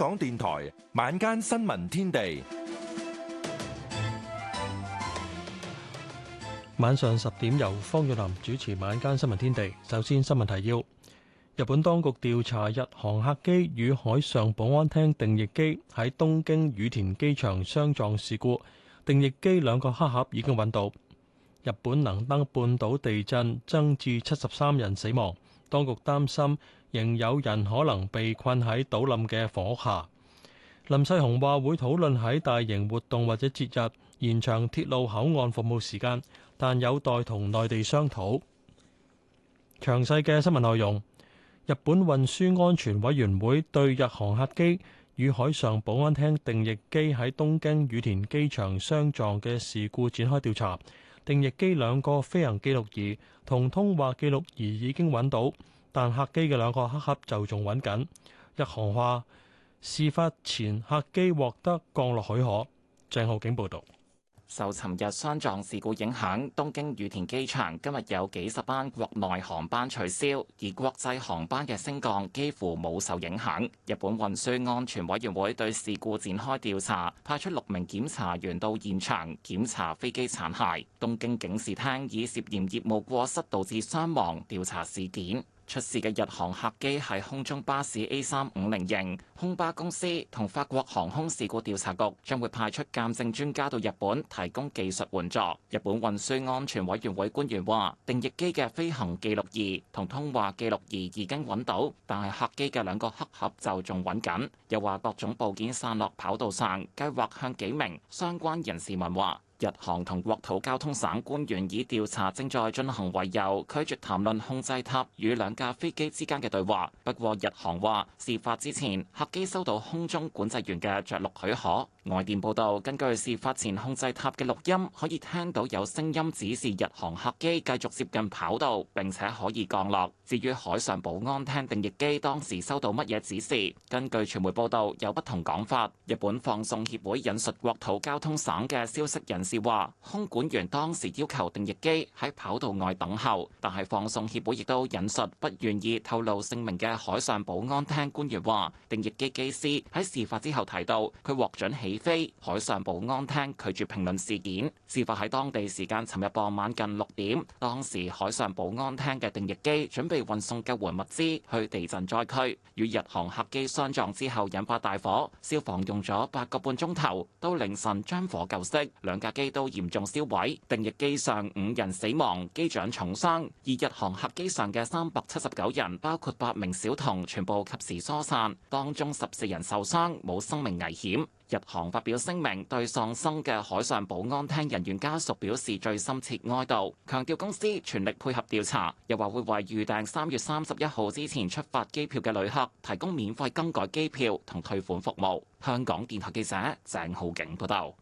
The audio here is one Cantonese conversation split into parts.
港電台晚間新聞天地，晚上十點由方玉林主持晚間新聞天地。首先新聞提要：日本當局調查日航客機與海上保安廳定翼機喺東京羽田機場相撞事故，定翼機兩個黑盒已經揾到。日本能登半島地震增至七十三人死亡，當局擔心。仍有人可能被困喺倒冧嘅房屋下。林世雄話會討論喺大型活動或者節日延長鐵路口岸服務時間，但有待同內地商討。詳細嘅新聞內容，日本運輸安全委員會對日航客機與海上保安廳定翼機喺東京羽田機場相撞嘅事故展開調查。定翼機兩個飛行記錄儀同通話記錄儀已經揾到。但客機嘅兩個黑盒就仲揾緊，日航話，事發前客機獲得降落許可。鄭浩景報道。受尋日相撞事故影響，東京羽田機場今日有幾十班國內航班取消，而國際航班嘅升降幾乎冇受影響，日本運輸安全委員會對事故展開調查，派出六名檢查員到現場檢查飛機殘骸。東京警視廳以涉嫌業務過失導致傷亡調查事件。出事嘅日航客機係空中巴士 A 三五零型，空巴公司同法國航空事故調查局將會派出鑒證專家到日本提供技術援助。日本運輸安全委員會官員話，定翼機嘅飛行記錄儀同通話記錄儀已經揾到，但係客機嘅兩個黑盒就仲揾緊。又話各種部件散落跑道上，計劃向幾名相關人士問話。日航同國土交通省官員以調查正在進行為由，拒絕談論控制塔與兩架飛機之間嘅對話。不過，日航話事發之前客機收到空中管制員嘅着陸許可。外電報道，根據事發前控制塔嘅錄音，可以聽到有聲音指示日航客機繼續接近跑道並且可以降落。至於海上保安廳定翼機當時收到乜嘢指示，根據傳媒報導有不同講法。日本放送協會引述國土交通省嘅消息人士話，空管員當時要求定翼機喺跑道外等候，但係放送協會亦都引述不願意透露姓名嘅海上保安廳官員話，定翼機機師喺事發之後提到，佢獲准起起飛，海上保安廳拒絕評論事件。事發喺當地時間尋日傍晚近六點，當時海上保安廳嘅定翼機準備運送救援物資去地震災區，與日航客機相撞之後引發大火，消防用咗八個半鐘頭到凌晨將火救熄，兩架機都嚴重燒毀，定翼機上五人死亡，機長重傷；而日航客機上嘅三百七十九人，包括八名小童，全部及時疏散，當中十四人受傷，冇生命危險。日航發表聲明，對喪生嘅海上保安廳人員家屬表示最深切哀悼，強調公司全力配合調查，又話會為預訂三月三十一號之前出發機票嘅旅客提供免費更改機票同退款服務。香港電台記者鄭浩景報道。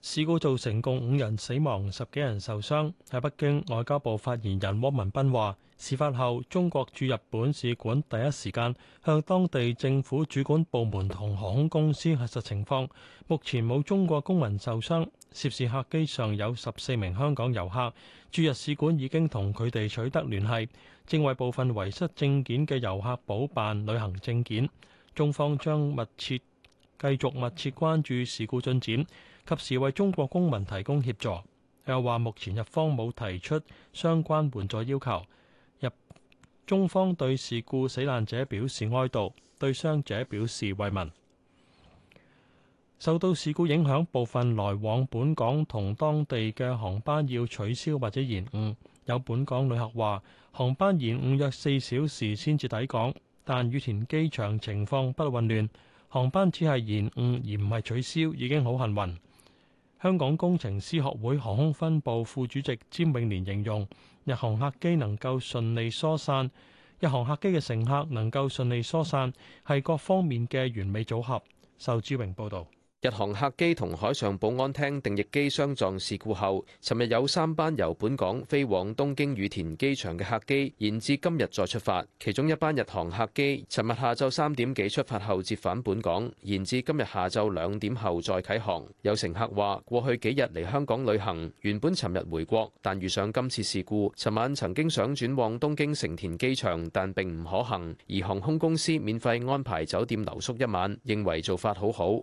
事故造成共五人死亡，十幾人受傷。喺北京，外交部發言人汪文斌話。事發後，中國駐日本使館第一時間向當地政府主管部門同航空公司核實情況。目前冇中國公民受傷，涉事客機上有十四名香港遊客。駐日使館已經同佢哋取得聯繫，正為部分遺失證件嘅遊客補辦旅行證件。中方將密切，繼續密切關注事故進展，及時為中國公民提供協助。又話目前日方冇提出相關援助要求。中方對事故死難者表示哀悼，對傷者表示慰問。受到事故影響，部分來往本港同當地嘅航班要取消或者延誤。有本港旅客話，航班延誤約四小時先至抵港，但羽田機場情況不混亂，航班只係延誤而唔係取消，已經好幸運。香港工程師學會航空分部副主席詹永年形容，日航客機能夠順利疏散，日航客機嘅乘客能夠順利疏散，係各方面嘅完美組合。仇志榮報道。日航客機同海上保安廳定翼機相撞事故後，尋日有三班由本港飛往東京羽田機場嘅客機，延至今日再出發。其中一班日航客機，尋日下晝三點幾出發後折返本港，延至今日下晝兩點後再啟航。有乘客話，過去幾日嚟香港旅行，原本尋日回國，但遇上今次事故，尋晚曾經想轉往東京成田機場，但並唔可行。而航空公司免費安排酒店留宿一晚，認為做法好好。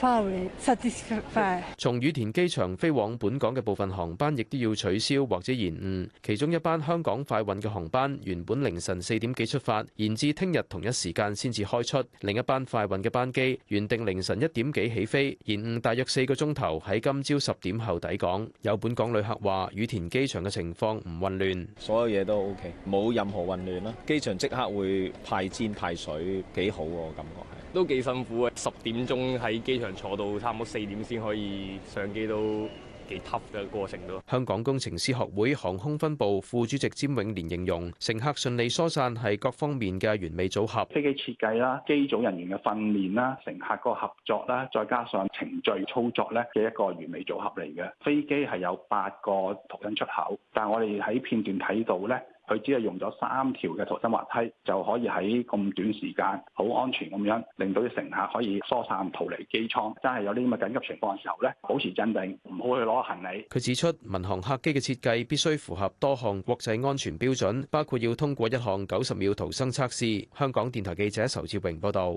farway s 從羽田機場飛往本港嘅部分航班亦都要取消或者延誤，其中一班香港快運嘅航班原本凌晨四點幾出發，延至聽日同一時間先至開出；另一班快運嘅班機原定凌晨一點幾起飛，延誤大約四個鐘頭喺今朝十點後抵港。有本港旅客話：羽田機場嘅情況唔混亂，所有嘢都 O K，冇任何混亂啦。機場即刻會派氈派水，幾好喎感覺係。都幾辛苦嘅，十點鐘喺機場。場坐到差唔多四點先可以上機都幾 tough 嘅過程咯。香港工程師學會航空分部副主席詹永年形容，乘客順利疏散係各方面嘅完美組合。飛機設計啦，機組人員嘅訓練啦，乘客個合作啦，再加上程序操作咧嘅一個完美組合嚟嘅。飛機係有八個逃生出口，但係我哋喺片段睇到咧。佢只係用咗三條嘅逃生滑梯就可以喺咁短時間好安全咁樣，令到啲乘客可以疏散逃離機艙。真係有啲咁嘅緊急情況嘅時候呢，保持鎮定，唔好去攞行李。佢指出，民航客機嘅設計必須符合多項國際安全標準，包括要通過一項九十秒逃生測試。香港電台記者仇志榮報導。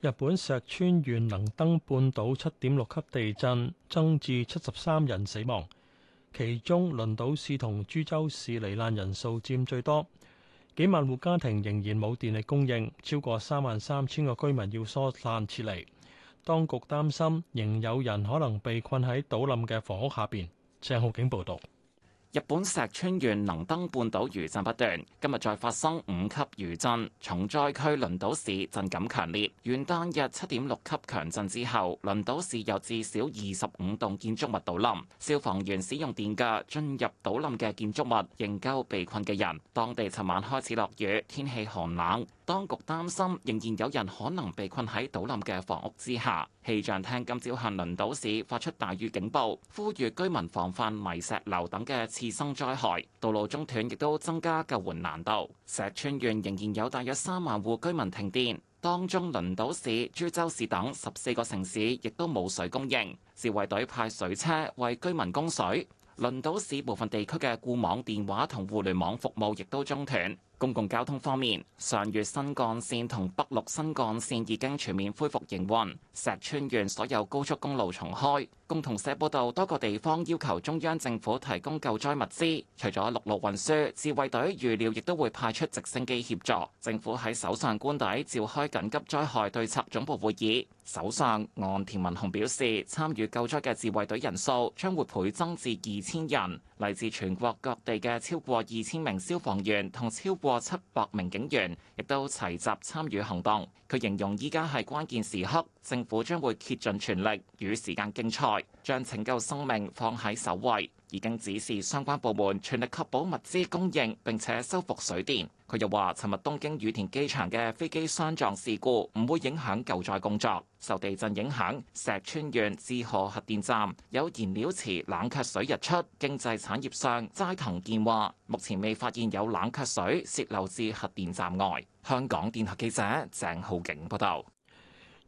日本石川縣能登半島七點六級地震，增至七十三人死亡。其中，輪島市同珠洲市罹難人數佔最多，幾萬戶家庭仍然冇電力供應，超過三萬三千個居民要疏散撤離。當局擔心仍有人可能被困喺倒冧嘅房屋下邊。鄭浩景報道。日本石川縣能登半島餘震不斷，今日再發生五級餘震，重災區輪島市震感強烈。元旦日七點六級強震之後，輪島市有至少二十五棟建築物倒冧。消防員使用電架進入倒冧嘅建築物營救被困嘅人。當地尋晚開始落雨，天氣寒冷。當局擔心仍然有人可能被困喺倒冧嘅房屋之下。氣象廳今朝向輪島市發出大雨警報，呼籲居民防範泥石流等嘅次生災害。道路中斷亦都增加救援難度。石川縣仍然有大約三萬戶居民停電，當中輪島市、珠洲市等十四個城市亦都冇水供應。自衛隊派水車為居民供水。輪島市部分地區嘅固網電話同互聯網服務亦都中斷。公共交通方面，上越新幹線同北陸新幹線已經全面恢復營運，石川縣所有高速公路重開。共同社報道，多個地方要求中央政府提供救災物資，除咗陸路運輸，自衛隊預料亦都會派出直升機協助。政府喺首相官邸召開緊急災害對策總部會議，首相岸田文雄表示，參與救災嘅自衛隊人數將會倍增至二千人，嚟自全國各地嘅超過二千名消防員同超過七百名警員，亦都齊集參與行動。佢形容依家係關鍵時刻，政府將會竭盡全力與時間競賽，將拯救生命放喺首位。已經指示相關部門全力確保物資供應，並且修復水電。佢又話，尋日東京羽田機場嘅飛機相撞事故唔會影響救災工作。受地震影響，石川縣志賀核電站有燃料池冷卻水溢出，經濟產業上齋藤健話，目前未發現有冷卻水洩漏至核電站外。香港電台記者鄭浩景報道。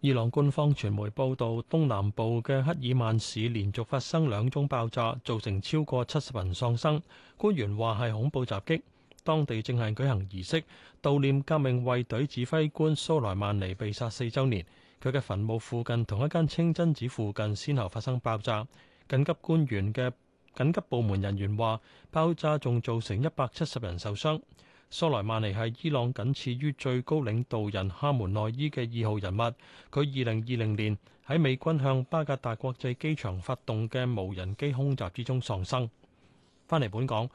伊朗官方傳媒報道，東南部嘅克爾曼市連續發生兩宗爆炸，造成超過七十人喪生。官員話係恐怖襲擊，當地正係舉行儀式悼念革命衛隊指揮官蘇萊曼尼被殺四週年。佢嘅墳墓附近同一間清真寺附近先後發生爆炸。緊急官員嘅緊急部門人員話，爆炸仲造成一百七十人受傷。蘇萊曼尼係伊朗僅次於最高領導人哈門內伊嘅二號人物，佢二零二零年喺美軍向巴格達國際機場發動嘅無人機空襲之中喪生。翻嚟本港，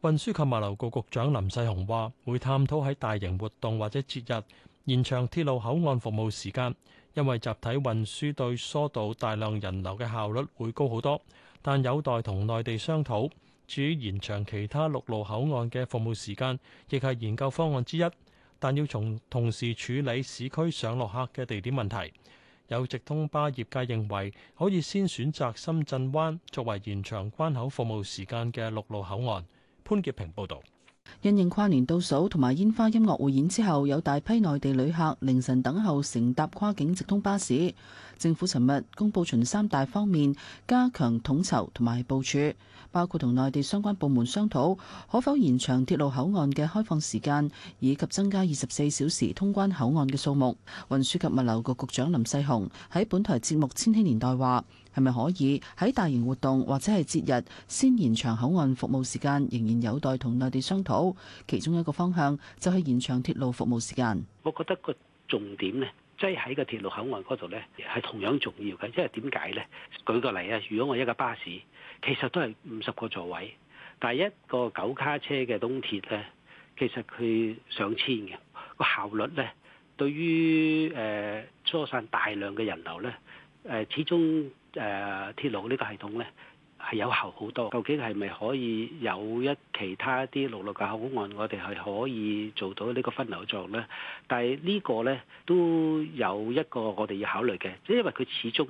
運輸及物流局局長林世雄話，會探討喺大型活動或者節日延長鐵路口岸服務時間，因為集體運輸對疏導大量人流嘅效率會高好多，但有待同內地商討。至於延長其他陸路口岸嘅服務時間，亦係研究方案之一，但要從同時處理市區上落客嘅地點問題。有直通巴業界認為可以先選擇深圳灣作為延長關口服務時間嘅陸路口岸。潘潔平報道。因應跨年倒數同埋煙花音樂匯演之後有大批內地旅客凌晨等候乘搭跨境直通巴士，政府尋日公布從三大方面加強統籌同埋部署。包括同內地相關部門商討可否延長鐵路口岸嘅開放時間，以及增加二十四小時通關口岸嘅數目。運輸及物流局局長林世雄喺本台節目《千禧年代》話，係咪可以喺大型活動或者係節日先延長口岸服務時間？仍然有待同內地商討。其中一個方向就係延長鐵路服務時間，我覺得個重點咧，即係喺個鐵路口岸嗰度咧，係同樣重要嘅。因為點解咧？舉個例啊，如果我一架巴士。其實都係五十個座位，但係一個九卡車嘅東鐵呢，其實佢上千嘅個效率呢，對於誒疏散大量嘅人流呢，呃、始終誒、呃、鐵路呢個系統呢係有效好多。究竟係咪可以有一其他啲陸路嘅口岸，我哋係可以做到呢個分流作用咧？但係呢個呢，都有一個我哋要考慮嘅，即係因為佢始終。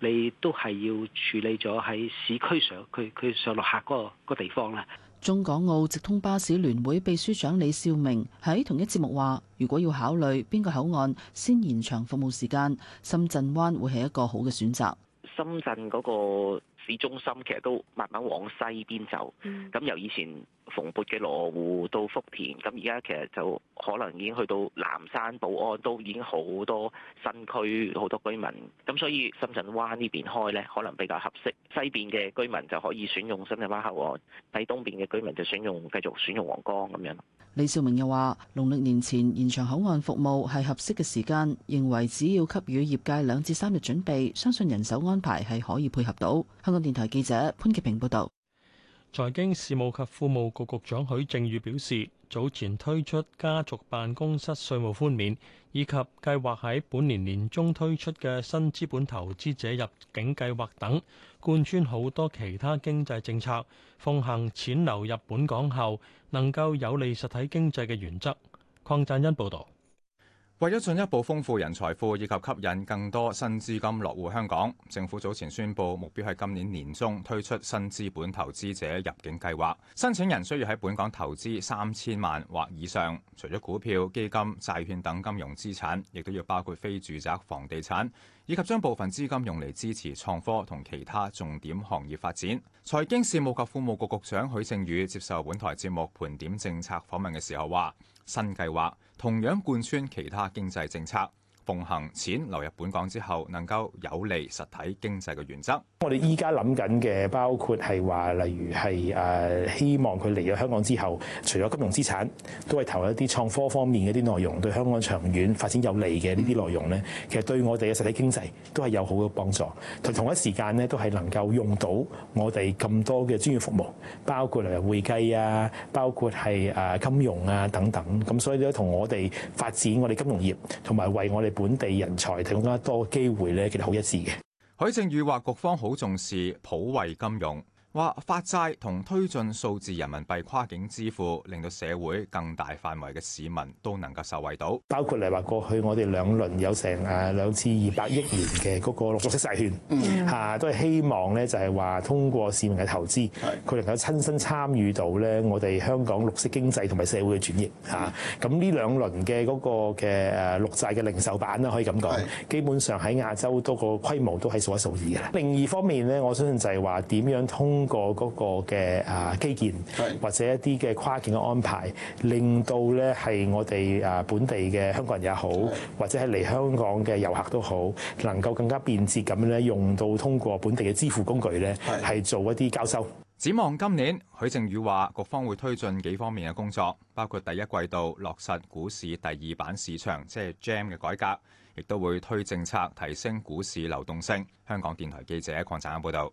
你都係要處理咗喺市區上佢、佢上落客嗰個地方啦。中港澳直通巴士聯會秘書長李少明喺同一節目話，如果要考慮邊個口岸先延長服務時間，深圳灣會係一個好嘅選擇。深圳嗰個市中心其實都慢慢往西邊走，咁由以前蓬勃嘅羅湖到福田，咁而家其實就可能已經去到南山、寶安，都已經好多新區，好多居民，咁所以深圳灣呢邊開咧，可能比較合適。西邊嘅居民就可以選用深圳灣口岸，喺東邊嘅居民就選用繼續選用皇崗咁樣。李兆明又話，農曆年前延長口岸服務係合適嘅時間，認為只要給予業界兩至三日準備，相信人手安排係可以配合到。香港電台記者潘潔平報道，財經事務及庫務局局長許正宇表示，早前推出家族辦公室稅務寬免，以及計劃喺本年年中推出嘅新資本投資者入境計劃等，貫穿好多其他經濟政策，奉行錢流入本港後能夠有利實體經濟嘅原則。鄺贊恩報道。為咗進一步豐富人財富以及吸引更多新資金落戶香港，政府早前宣布目標係今年年中推出新資本投資者入境計劃。申請人需要喺本港投資三千萬或以上，除咗股票、基金、債券等金融資產，亦都要包括非住宅房地產，以及將部分資金用嚟支持創科同其他重點行業發展。財經事務及庫務局局，局長許正宇接受本台節目盤點政策訪問嘅時候話。新計劃同樣貫穿其他經濟政策。奉行錢流入本港之後能夠有利實體經濟嘅原則，我哋依家諗緊嘅包括係話例如係誒希望佢嚟咗香港之後除咗金融資產都係投入一啲創科方面嘅啲內容，對香港長遠發展有利嘅呢啲內容咧，其實對我哋嘅實體經濟都係有好嘅幫助，同同一時間咧都係能夠用到我哋咁多嘅專業服務，包括嚟嚟會計啊，包括係誒金融啊等等，咁所以咧同我哋發展我哋金融業同埋為我哋。本地人才提供得多機會咧，其實好一致嘅。許正宇話，局方好重視普惠金融。話發債同推進數字人民幣跨境支付，令到社會更大範圍嘅市民都能夠受惠到。包括嚟話，過去我哋兩輪有成誒兩次二百億元嘅嗰個綠色債券，嚇、啊、都係希望咧就係話通過市民嘅投資，佢能夠親身參與到咧我哋香港綠色經濟同埋社會嘅轉型嚇。咁、啊、呢兩輪嘅嗰個嘅誒綠債嘅零售版咧，可以咁講，基本上喺亞洲多個規模都係數一數二嘅。另一方面咧，我相信就係話點樣通。通過個嗰個嘅啊基建，或者一啲嘅跨境嘅安排，令到咧係我哋啊本地嘅香港人也好，或者係嚟香港嘅遊客都好，能夠更加便捷咁樣咧用到通過本地嘅支付工具咧，係做一啲交收。展望今年，許正宇話，各方會推進幾方面嘅工作，包括第一季度落實股市第二板市場即係 Gem 嘅改革，亦都會推政策提升股市流動性。香港電台記者鄺燦恩報道。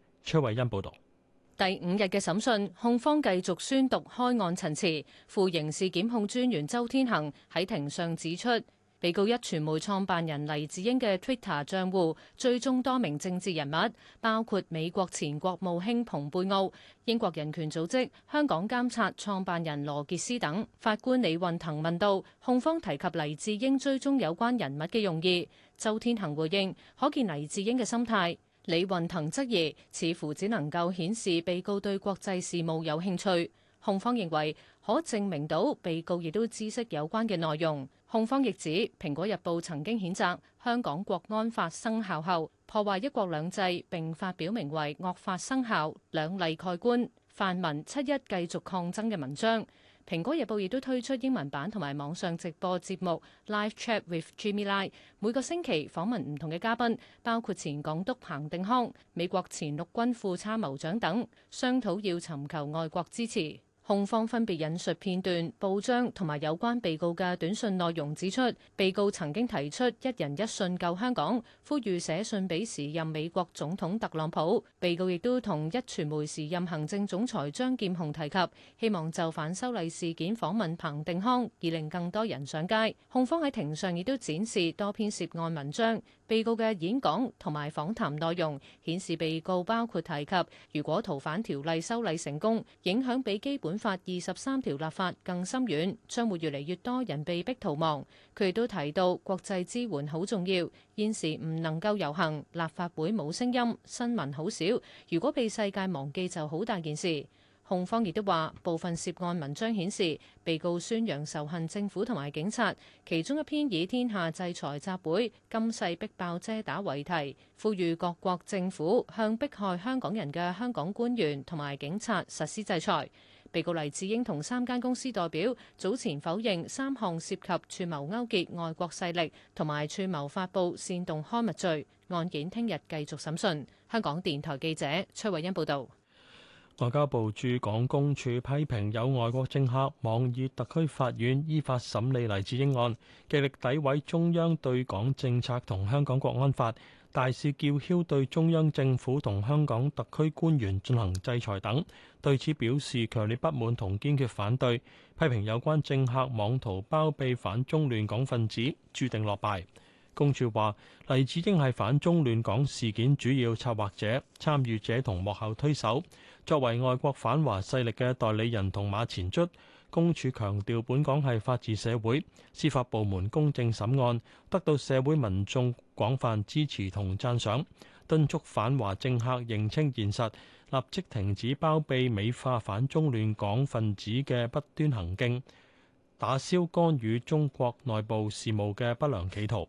崔慧欣報道，第五日嘅審訊，控方繼續宣讀開案陳詞。副刑事檢控專員周天行喺庭上指出，被告一傳媒創辦人黎智英嘅 Twitter 賬戶追蹤多名政治人物，包括美國前國務卿蓬佩奧、英國人權組織、香港監察創辦人羅傑斯等。法官李運騰問道：控方提及黎智英追蹤有關人物嘅用意，周天行回應：可見黎智英嘅心態。李云騰質疑，似乎只能夠顯示被告對國際事務有興趣。控方認為可證明到被告亦都知識有關嘅內容。控方亦指，《蘋果日報》曾經譴責香港國安法生效後破壞一國兩制，並發表名為《惡法生效，兩例蓋棺，泛民七一繼續抗爭》嘅文章。《蘋果日報》亦都推出英文版同埋網上直播節目《Live Chat with Jimmy Lai》，每個星期訪問唔同嘅嘉賓，包括前港督彭定康、美國前陸軍副參謀長等，商討要尋求外國支持。控方分別引述片段、報章同埋有關被告嘅短信內容，指出被告曾經提出一人一信救香港，呼籲寫信俾時任美國總統特朗普。被告亦都同一傳媒時任行政總裁張劍虹提及，希望就反修例事件訪問彭定康，而令更多人上街。控方喺庭上亦都展示多篇涉案文章。被告嘅演講同埋訪談內容顯示，被告包括提及，如果逃犯條例修例成功，影響比基本法二十三條立法更深遠，將會越嚟越多人被逼逃亡。佢亦都提到國際支援好重要，現時唔能夠遊行，立法會冇聲音，新聞好少，如果被世界忘記就好大件事。控方亦都話，部分涉案文章顯示被告宣揚仇恨政府同埋警察，其中一篇以天下制裁集會、今世逼爆遮打為題，呼籲各國政府向迫害香港人嘅香港官員同埋警察實施制裁。被告黎智英同三間公司代表早前否認三項涉及串謀勾結外國勢力同埋串謀發布煽動刊物罪案件，聽日繼續審訊。香港電台記者崔慧欣報道。外交部駐港公署批評有外國政客妄議特區法院依法審理黎智英案，極力詆毀中央對港政策同香港國安法，大肆叫囂對中央政府同香港特區官員進行制裁等。對此表示強烈不滿同堅決反對，批評有關政客妄圖包庇反中亂港分子，註定落敗。公署話：黎智英係反中亂港事件主要策劃者、參與者同幕後推手。作為外國反華勢力嘅代理人同馬前卒，公署強調本港係法治社會，司法部門公正審案，得到社會民眾廣泛支持同讚賞，敦促反華政客認清現實，立即停止包庇美化反中亂港分子嘅不端行徑，打消干預中國內部事務嘅不良企圖。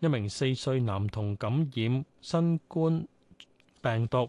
一名四歲男童感染新冠病毒。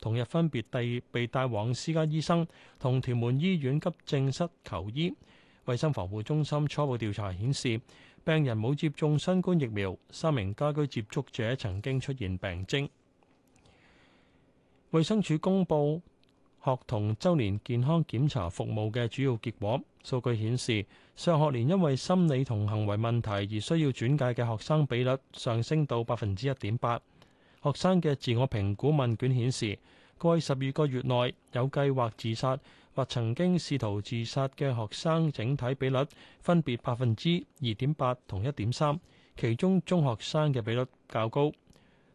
同日分別第被帶往私家醫生同屯門醫院急症室求醫。衛生防護中心初步調查顯示，病人冇接種新冠疫苗，三名家居接觸者曾經出現病徵。衛生署公布學童週年健康檢查服務嘅主要結果，數據顯示上學年因為心理同行為問題而需要轉介嘅學生比率上升到百分之一點八。學生嘅自我評估問卷顯示，過去十二個月內有計劃自殺或曾經試圖自殺嘅學生整體比率分別百分之二點八同一點三，其中中學生嘅比率較高。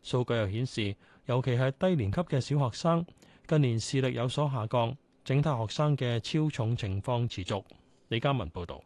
數據又顯示，尤其係低年級嘅小學生，近年視力有所下降，整體學生嘅超重情況持續。李嘉文報導。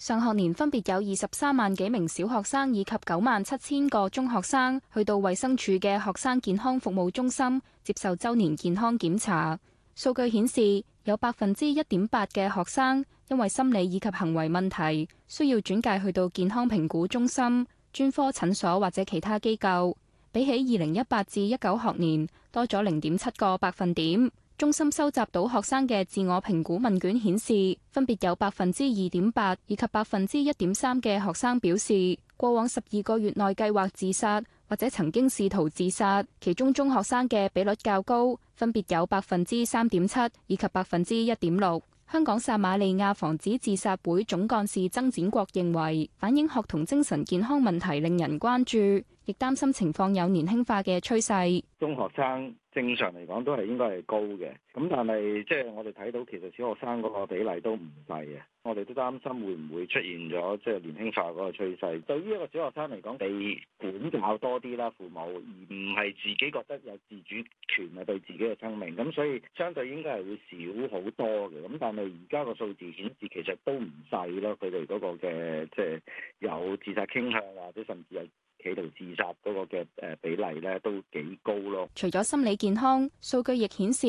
上學年分別有二十三萬幾名小學生以及九萬七千個中學生去到衛生署嘅學生健康服務中心接受周年健康檢查。數據顯示有，有百分之一點八嘅學生因為心理以及行為問題需要轉介去到健康評估中心、專科診所或者其他機構，比起二零一八至一九學年多咗零點七個百分點。中心收集到學生嘅自我評估問卷顯示，分別有百分之二點八以及百分之一點三嘅學生表示，過往十二個月內計劃自殺或者曾經試圖自殺，其中中學生嘅比率較高，分別有百分之三點七以及百分之一點六。香港撒瑪利亞防止自殺會總幹事曾展國認為，反映學童精神健康問題令人關注。亦擔心情況有年輕化嘅趨勢，中學生正常嚟講都係應該係高嘅，咁但係即係我哋睇到，其實小學生嗰個比例都唔細嘅，我哋都擔心會唔會出現咗即係年輕化嗰個趨勢。對於一個小學生嚟講，被管教多啲啦，父母而唔係自己覺得有自主權啊，對自己嘅生命，咁所以相對應該係會少好多嘅，咁但係而家個數字顯示其實都唔細咯，佢哋嗰個嘅即係有自殺傾向或者甚至有。企圖自殺嗰個嘅誒比例咧都幾高咯。除咗心理健康，數據亦顯示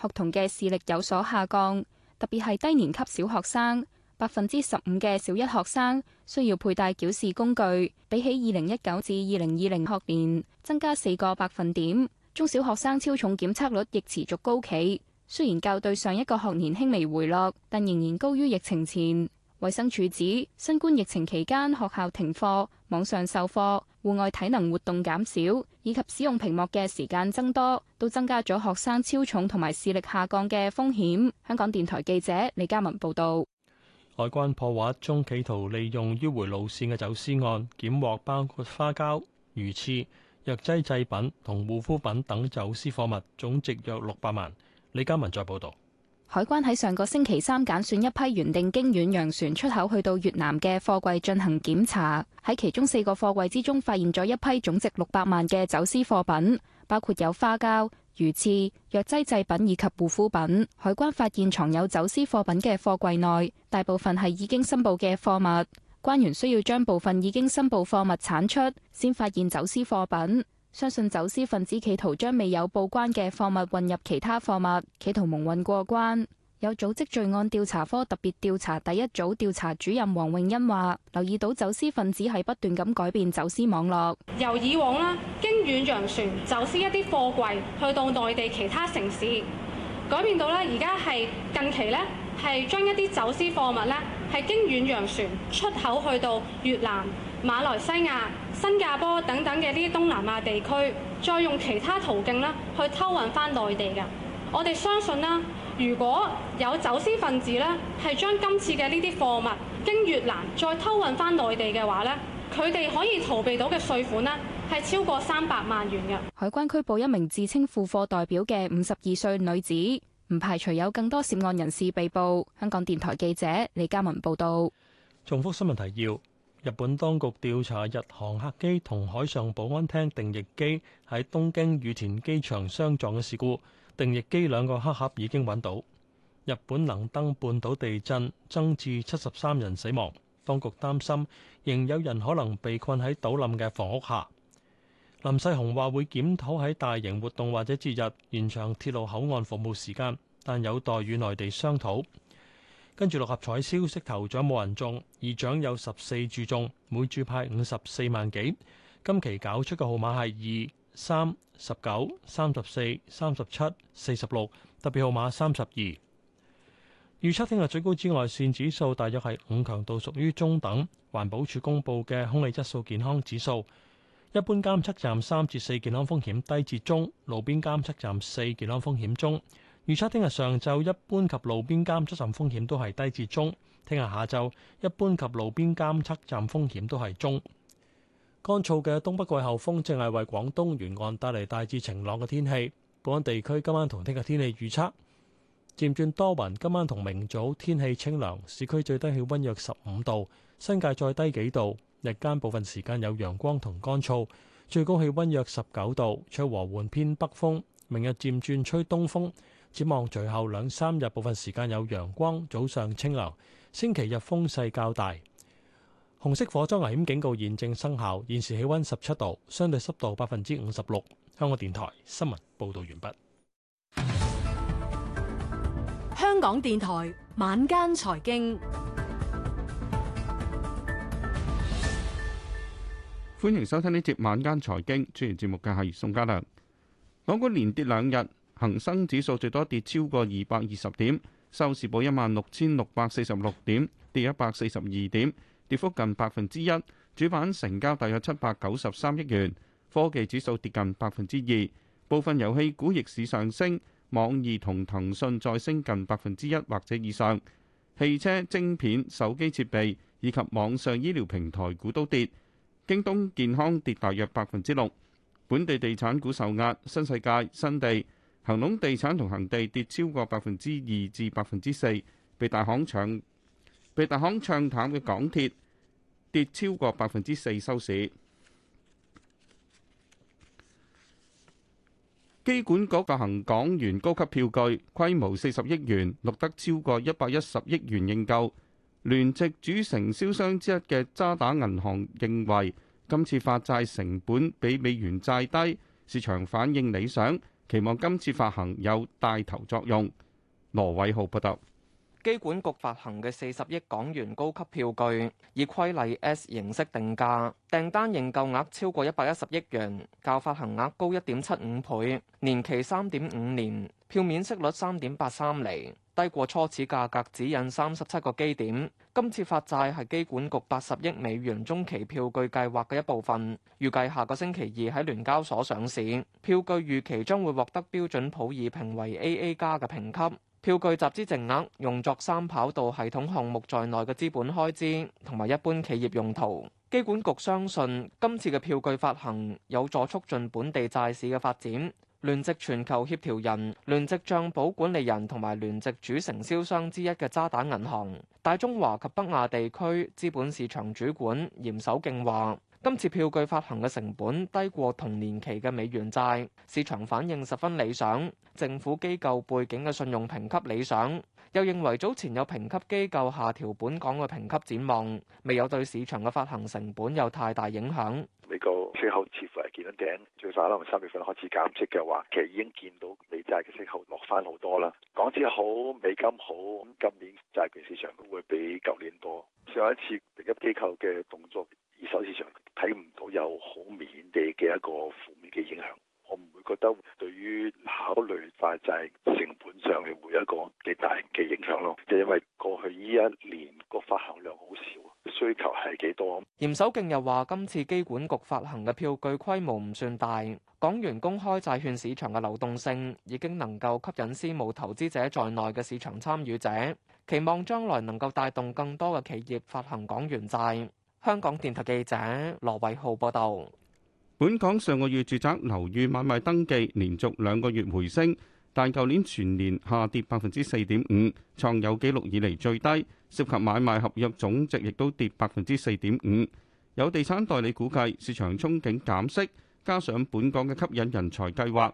學童嘅視力有所下降，特別係低年級小學生，百分之十五嘅小一學生需要佩戴矯視工具，比起二零一九至二零二零學年增加四個百分點。中小學生超重檢測率亦持續高企，雖然較對上一個學年輕微回落，但仍然高於疫情前。衛生署指，新冠疫情期間學校停課，網上授課，戶外體能活動減少，以及使用屏幕嘅時間增多，都增加咗學生超重同埋視力下降嘅風險。香港電台記者李嘉文報道。海關破獲中，企圖利用迂迴路線嘅走私案，檢獲包括花膠、魚翅、藥劑製品同護膚品等走私貨物，總值約六百萬。李嘉文再報道。海關喺上個星期三揀選一批原定經遠洋船出口去到越南嘅貨櫃進行檢查，喺其中四個貨櫃之中發現咗一批總值六百萬嘅走私貨品，包括有花膠、魚翅、藥劑製品以及護膚品。海關發現藏有走私貨品嘅貨櫃內，大部分係已經申報嘅貨物，關員需要將部分已經申報貨物產出，先發現走私貨品。相信走私分子企圖將未有報關嘅貨物運入其他貨物，企圖蒙混過關。有組織罪案調查科特別調查第一組調查主任黃泳欣話：留意到走私分子係不斷咁改變走私網絡，由以往啦經遠洋船走私一啲貨櫃去到內地其他城市，改變到咧而家係近期咧係將一啲走私貨物咧係經遠洋船出口去到越南、馬來西亞。新加坡等等嘅，呢啲東南亞地區再用其他途徑咧去偷運翻內地嘅。我哋相信啦，如果有走私分子咧，係將今次嘅呢啲貨物經越南再偷運翻內地嘅話咧，佢哋可以逃避到嘅稅款咧係超過三百萬元嘅。海關拘捕一名自稱付貨代表嘅五十二歲女子，唔排除有更多涉案人士被捕。香港電台記者李嘉文報道。重複新聞提要。日本當局調查日航客機同海上保安廳定翼機喺東京羽田機場相撞嘅事故，定翼機兩個黑盒已經揾到。日本能登半島地震增至七十三人死亡，當局擔心仍有人可能被困喺倒冧嘅房屋下。林世雄話會檢討喺大型活動或者節日延長鐵路口岸服務時間，但有待與內地商討。跟住六合彩消息，頭獎冇人中，二獎有十四注中，每注派五十四萬幾。今期搞出嘅號碼係二、三、十九、三十四、三十七、四十六，特別號碼三十二。預測聽日最高紫外線指數大約係五強度，屬於中等。環保署公布嘅空氣質素健康指數，一般監測站三至四健康風險低至中，路邊監測站四健康風險中。預測聽日上晝一般及路邊監測站風險都係低至中。聽日下晝一般及路邊監測站風險都係中。乾燥嘅東北季候風正係為廣東沿岸帶嚟大致晴朗嘅天氣。本港地區今晚同聽日天氣預測漸轉多雲，今晚同明早天氣清涼，市區最低氣温約十五度，新界再低幾度。日間部分時間有陽光同乾燥，最高氣温約十九度，吹和緩偏北風。明日漸轉吹東風。展望隨後兩三日，部分時間有陽光，早上清涼。星期日風勢較大。紅色火災危險警告現正生效。現時氣温十七度，相對濕度百分之五十六。香港電台新聞報道完畢。香港電台晚間財經，歡迎收聽呢節晚間財經。主持節目嘅係宋家良。港股連跌兩日。恒生指數最多跌超過二百二十點，收市報一萬六千六百四十六點，跌一百四十二點，跌幅近百分之一。主板成交大約七百九十三億元。科技指數跌近百分之二，部分遊戲股逆市上升，網易同騰訊再升近百分之一或者以上。汽車晶片、手機設備以及網上醫療平台股都跌，京東健康跌大約百分之六。本地地產股受壓，新世界、新地、恒隆地產同恒地跌超過百分之二至百分之四，被大行唱被大行唱淡嘅港鐵跌超過百分之四收市。機管局發行港元高級票據，規模四十億元，錄得超過一百一十億元認購。聯席主承銷商之一嘅渣打銀行認為，今次發債成本比美元債低，市場反應理想。期望今次發行有帶頭作用。羅偉浩報道。機管局發行嘅四十億港元高級票據，以規例 S 形式定價，訂單認購額超過一百一十億元，較發行額高一點七五倍，年期三點五年，票面息率三點八三厘，低過初始價格指引三十七個基點。今次發債係機管局八十億美元中期票據計劃嘅一部分，預計下個星期二喺聯交所上市，票據預期將會獲得標準普爾評為 AA 加嘅評級。票據集資淨額用作三跑道系統項目在內嘅資本開支，同埋一般企業用途。機管局相信今次嘅票據發行有助促進本地債市嘅發展。聯席全球協調人、聯席帳簿管理人同埋聯席主承銷商之一嘅渣打銀行大中華及北亞地區資本市場主管嚴守敬話。今次票據發行嘅成本低過同年期嘅美元債，市場反應十分理想。政府機構背景嘅信用評級理想，又認為早前有評級機構下調本港嘅評級展望，未有對市場嘅發行成本有太大影響，美國息口似乎係見咗頂，最快啦，三月份開始減息嘅話，其實已經見到美債嘅息口落翻好多啦。港紙好，美金好，咁今年債券市場都會比舊年多。上一次評級機構嘅動作。二手市場睇唔到有好明顯地嘅一個負面嘅影響，我唔會覺得對於考慮發債成本上係會有一個幾大嘅影響咯，即係因為過去呢一年個發行量好少，需求係幾多？嚴守敬又話：今次機管局發行嘅票據規模唔算大，港元公開債券市場嘅流動性已經能夠吸引私募投資者在內嘅市場參與者，期望將來能夠帶動更多嘅企業發行港元債。香港電台記者羅偉浩報道，本港上個月住宅樓宇買賣登記連續兩個月回升，但舊年全年下跌百分之四點五，創有紀錄以嚟最低。涉及買賣合約總值亦都跌百分之四點五。有地產代理估計，市場憧憬減息，加上本港嘅吸引人才計劃，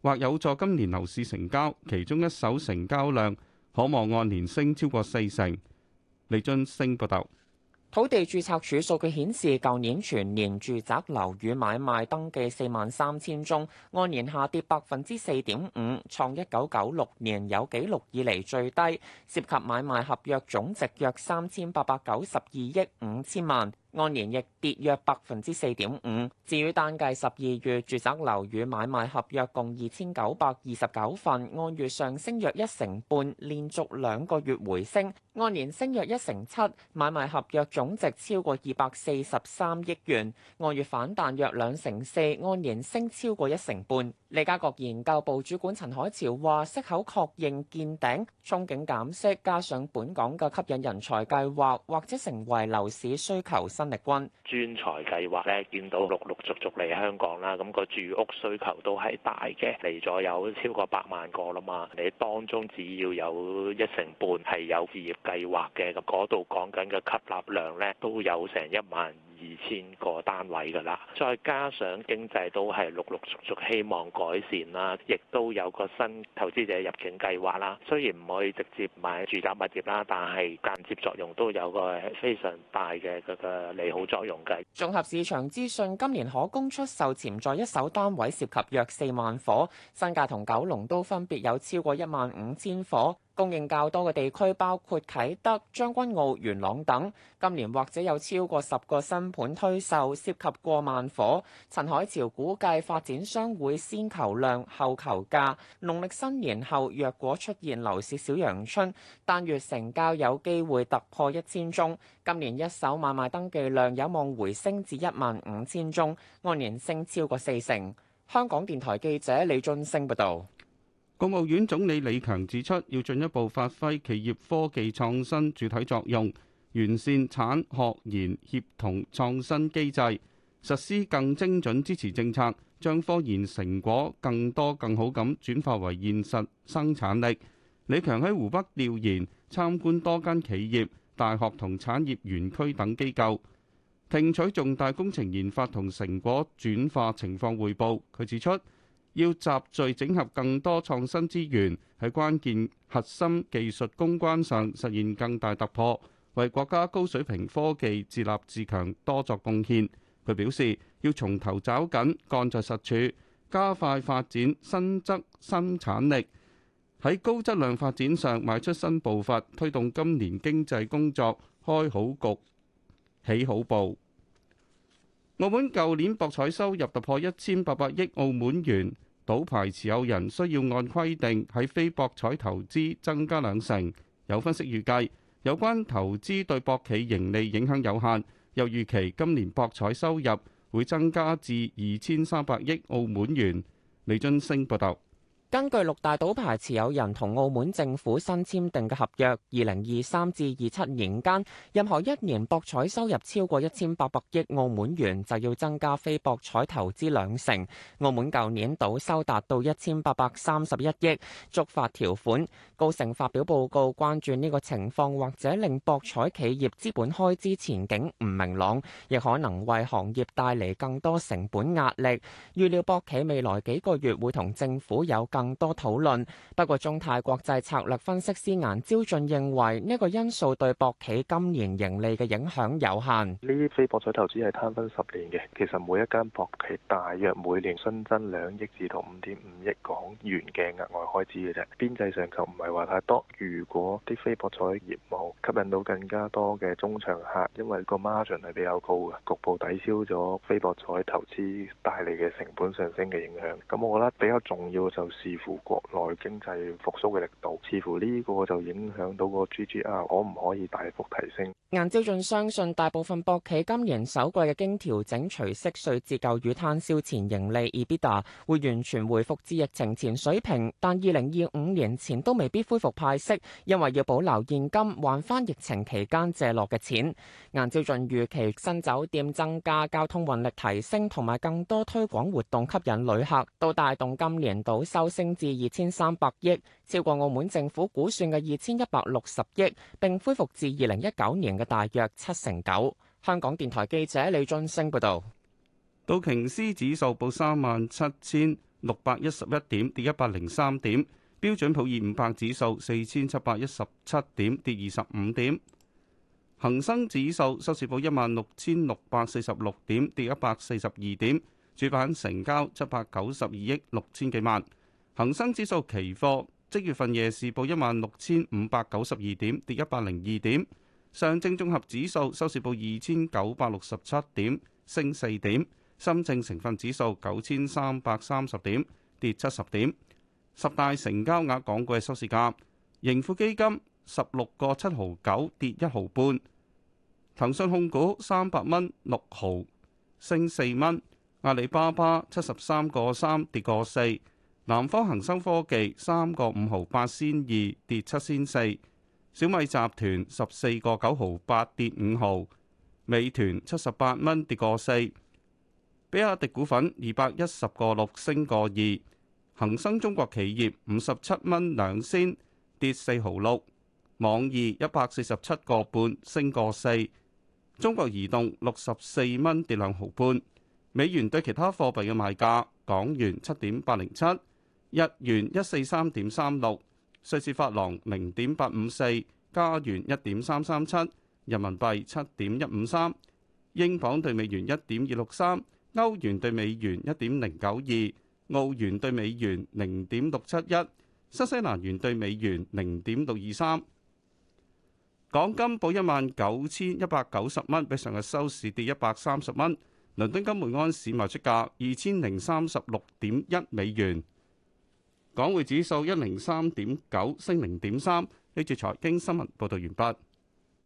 或有助今年樓市成交，其中一手成交量可望按年升超過四成。李俊升報道。土地註冊處數據顯示，舊年全年住宅樓宇買賣登記四萬三千宗，按年下跌百分之四點五，創一九九六年有記錄以嚟最低。涉及買賣合約總值約三千八百九十二億五千萬。按年亦跌約百分之四點五。至於單計十二月住宅樓宇買賣合約共二千九百二十九份，按月上升約一成半，連續兩個月回升，按年升約一成七。買賣合約總值超過二百四十三億元，按月反彈約兩成四，按年升超過一成半。李家國研究部主管陳海潮話：息口確認見頂，憧憬減息，加上本港嘅吸引人才計劃，或者成為樓市需求新力軍。專才計劃咧，見到陸陸續續嚟香港啦，咁個住屋需求都係大嘅，嚟咗有超過百萬個啦嘛。你當中只要有一成半係有置業計劃嘅，咁嗰度講緊嘅吸納量咧，都有成一萬。二千個單位㗎啦，再加上經濟都係陸陸續續希望改善啦，亦都有個新投資者入境計劃啦。雖然唔可以直接買住宅物業啦，但係間接作用都有個非常大嘅嗰個利好作用嘅。綜合市場資訊，今年可供出售潛在一手單位涉及約四萬伙，新界同九龍都分別有超過一萬五千伙。供應較多嘅地區包括啟德、將軍澳、元朗等。今年或者有超過十個新盤推售，涉及過萬伙。陳海潮估計發展商會先求量後求價。農曆新年後若果出現樓市小陽春，單月成交有機會突破一千宗。今年一手買賣登記量有望回升至一萬五千宗，按年升超過四成。香港電台記者李俊升報導。國務院總理李強指出，要進一步發揮企業科技創新主體作用，完善產學研協同創新機制，實施更精準支持政策，將科研成果更多更好咁轉化為現實生產力。李強喺湖北調研參觀多間企業、大學同產業園區等機構，聽取重大工程研發同成果轉化情況匯報。佢指出。要集聚整合更多創新資源，喺關鍵核心技術攻關上實現更大突破，為國家高水平科技自立自強多作貢獻。佢表示，要從頭抓緊，幹在實處，加快發展新質生產力，喺高質量發展上邁出新步伐，推動今年經濟工作開好局、起好步。澳門舊年博彩收入突破一千八百億澳門元。賭牌持有人需要按規定喺非博彩投資增加兩成。有分析預計有關投資對博企盈利影響有限，又預期今年博彩收入會增加至二千三百億澳門元。李津升報道。根據六大賭牌持有人同澳門政府新簽訂嘅合約，二零二三至二七年間，任何一年博彩收入超過一千八百億澳門元，就要增加非博彩投資兩成。澳門舊年賭收達到一千八百三十一億，觸發條款。高盛發表報告，關注呢個情況，或者令博彩企業資本開支前景唔明朗，亦可能為行業帶嚟更多成本壓力。預料博企未來幾個月會同政府有更多討論。不過，中泰國際策略分析師顏朝俊認為，呢個因素對博企今年盈利嘅影響有限。呢啲非博彩投資係攤分十年嘅，其實每一間博企大約每年新增兩億至到五點五億港元嘅額外開支嘅啫，邊際上就唔係話太多。如果啲非博彩業務吸引到更加多嘅中場客，因為個 margin 係比較高嘅，局部抵消咗非博彩投資帶嚟嘅成本上升嘅影響。咁我覺得比較重要就視乎國內經濟復蘇嘅力度，似乎呢個就影響到個 GGR 可唔可以大幅提升。顏照進相信大部分博企今年首季嘅經調整除息稅折舊與攤銷前盈利 EBITDA 會完全回復至疫情前水平，但二零二五年前都未必。恢復派息，因為要保留現金還翻疫情期間借落嘅錢。顏照俊預期新酒店增加交通運力、提升同埋更多推廣活動，吸引旅客，都帶動今年度收升至二千三百億，超過澳門政府估算嘅二千一百六十億，並恢復至二零一九年嘅大約七成九。香港電台記者李俊升報道。道瓊斯指數報三萬七千六百一十一點，跌一百零三點。標準普爾五百指數四千七百一十七點，跌二十五點。恒生指數收市報一萬六千六百四十六點，跌一百四十二點。主板成交七百九十二億六千幾萬。恒生指數期貨即月份夜市報一萬六千五百九十二點，跌一百零二點。上證綜合指數收市報二千九百六十七點，升四點。深證成分指數九千三百三十點，跌七十點。十大成交額港股嘅收市價，盈富基金十六個七毫九跌一毫半，騰訊控股三百蚊六毫升四蚊，阿里巴巴七十三個三跌個四，南方恒生科技三個五毫八仙二跌七仙四，小米集團十四個九毫八跌五毫，美團七十八蚊跌個四，比亞迪股份二百一十個六升個二。恒生中國企業五十七蚊兩仙跌四毫六，網易一百四十七個半升個四，中國移動六十四蚊跌兩毫半。美元對其他貨幣嘅賣價：港元七點八零七，日元一四三點三六，瑞士法郎零點八五四，加元一點三三七，人民幣七點一五三，英鎊對美元一點二六三，歐元對美元一點零九二。澳元兌美元零點六七一，新西蘭元兌美元零點六二三。港金報一萬九千一百九十蚊，比上日收市跌一百三十蚊。倫敦金每安士賣出價二千零三十六點一美元。港匯指數一零三點九，升零點三。呢段財經新聞報道完畢。